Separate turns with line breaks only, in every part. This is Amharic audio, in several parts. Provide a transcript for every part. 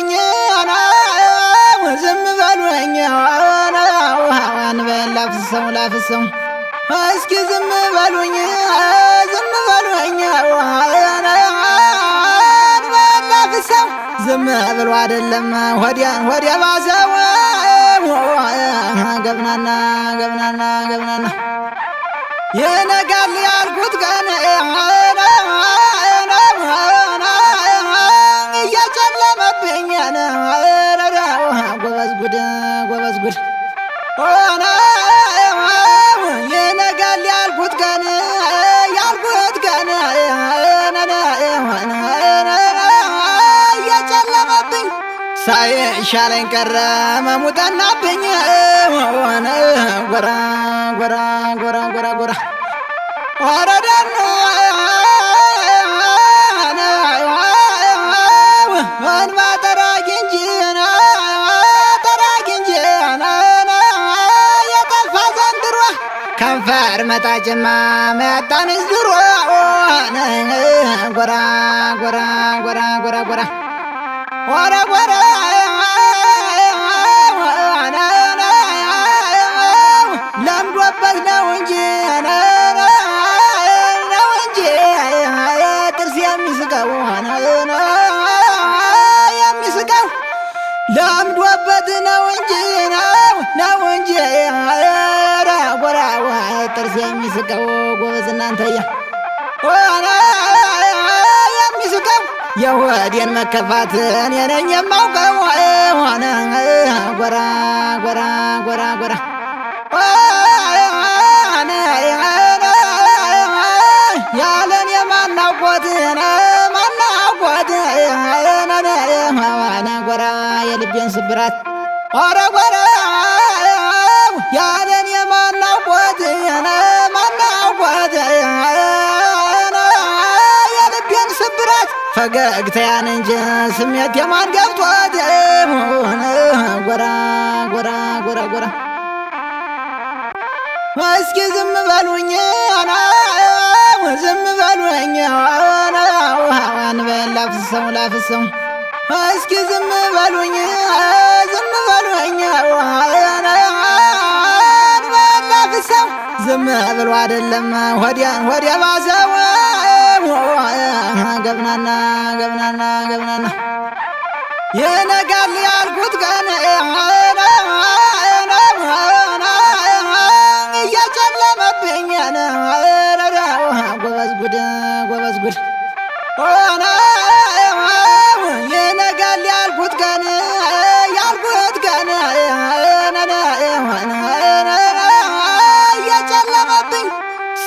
በሉኝ ዝም በሉኝ ላፍሰው ላፍሰው እስኪ ዝም በሉኝ ዝም በሉኝ ላፍሰው ዝም ብሎ አይደለም ወዲያ ወዲያ ባሰው ገብናና ገብናና ገብናና የነጋል ያልኩት ቀን ሳይሻለኝ ቀረ መሙጠና ብኝ ሆነ ጎራ ጎራ ጎራ ጎራ ጎራ ወረደኖ ከንፈር መጣጭማ መያጣንስ ድሮ ጎራ ጎራ ጎራ ጎራ ጎራ ለምዶበት ነው እንጂ ነው እንጂ ጥርስ የሚስቀው የሚስቀው ለምዶበት ነው እንጂ ነው እንጂ ጥርስ የሚስቀው ጎበዝ እናንተያ የሆዴን መከፋትን የነኝ የማውቀው ሆነ ጎራ ጎራ ጎራ ጎራ የልቤን ስብራት ኧረ ያለን ፈገግታያን እንጂ ስሜት የማን ገብቶት ሆነ ጎራ ጎራ ጎራ ጎራ እስኪ ዝም በሉኝ ዝም በሉኝ ውሃዋን ላፍሰው ላፍሰው እስኪ ዝም በሉኝ ዝም በሉኝ ውሃዋን ላፍሰው ዝም ብሎ አይደለም ወዲያ ወዲያ ባሰው ገብናና ገብናና ገብናና የነጋል ያልኩት ቀን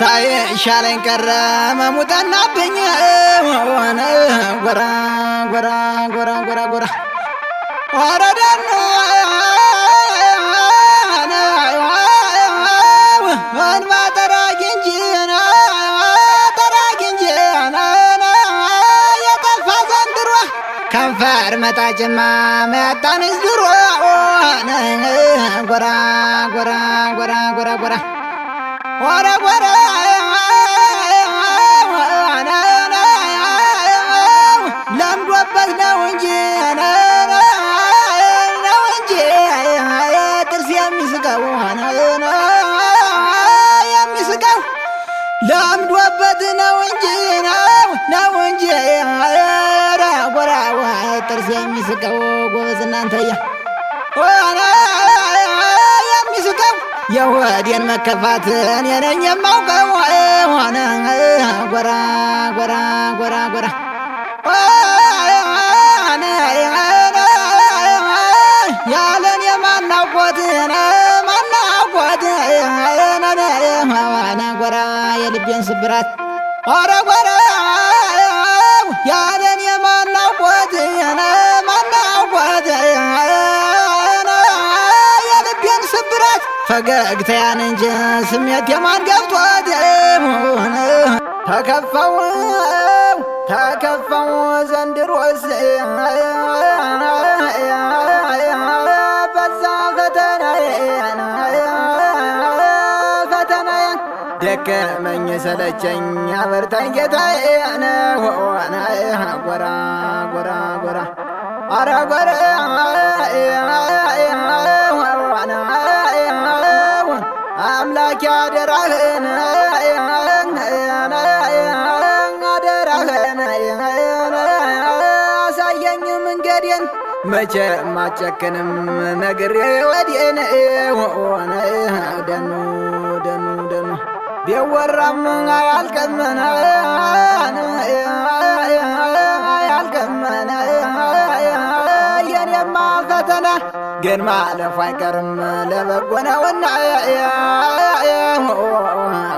ሳይሻለኝ ቀረ መሙጠና መሙጠናብኝ ሆነ ጎራ ጎራ ጎራ ጎራ ጎራ ወረደኖ ወንባ ጠራጊ እንጂ ጠራጊ እንጂ የጠፋ ዘንድሮ ከንፈር መጣጭማ መያጣንስ ድሮ ጎራ ጎራ ጎራ ጎራ ጎራ ለምዶበት ነው እንጂ ነው እንጂ ጥርስ የሚስቀው የሚስቀው ለምዶበት ነው እንጂ ነው እንጂ ጥርስ የሚስቀው ጎበዝ እናንተያ የሆዴን መከፋትን የነኝ የማውቀው ሆነ ጎራ ጎራ ጎራ ጎራ የልቤን ስብራት ኧረ ያለን ስብራት ፈገግታያን እንጂ ስሜት የማን ገብቶት ሆነ ተከፋው ተከፋው ዘንድሮስ በዛ ፈተና ፈተናዬን ደከመኝ ሰለቸኝ አበርታኝ ጌታዬ ሆነ ጎራ ጎራ ጎራ አረ ጎራ መመኪያ አደራህን አደራህን አሳየኝ መንገዴን መቼ ማጨክንም ነግሬ ወዴን ሆነ ደኑ ደኑ ደኑ ቢወራም አያልቀመን አያልቀመን የኔማ ፈተና ግን ማለፉ አይቀርም ለበጎ ነውና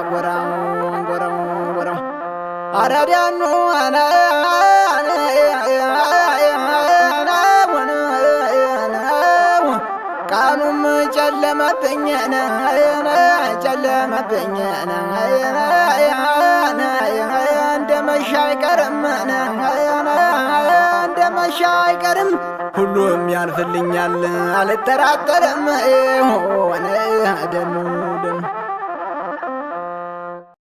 ጎራው ጎራው ጨለመብኝ ጨለመብኝ እንደመሻ አይቀርም ሻ አይቀርም፣ ሁሉም ያልፍልኛል አልጠራጠርም። ሆነ ደኑ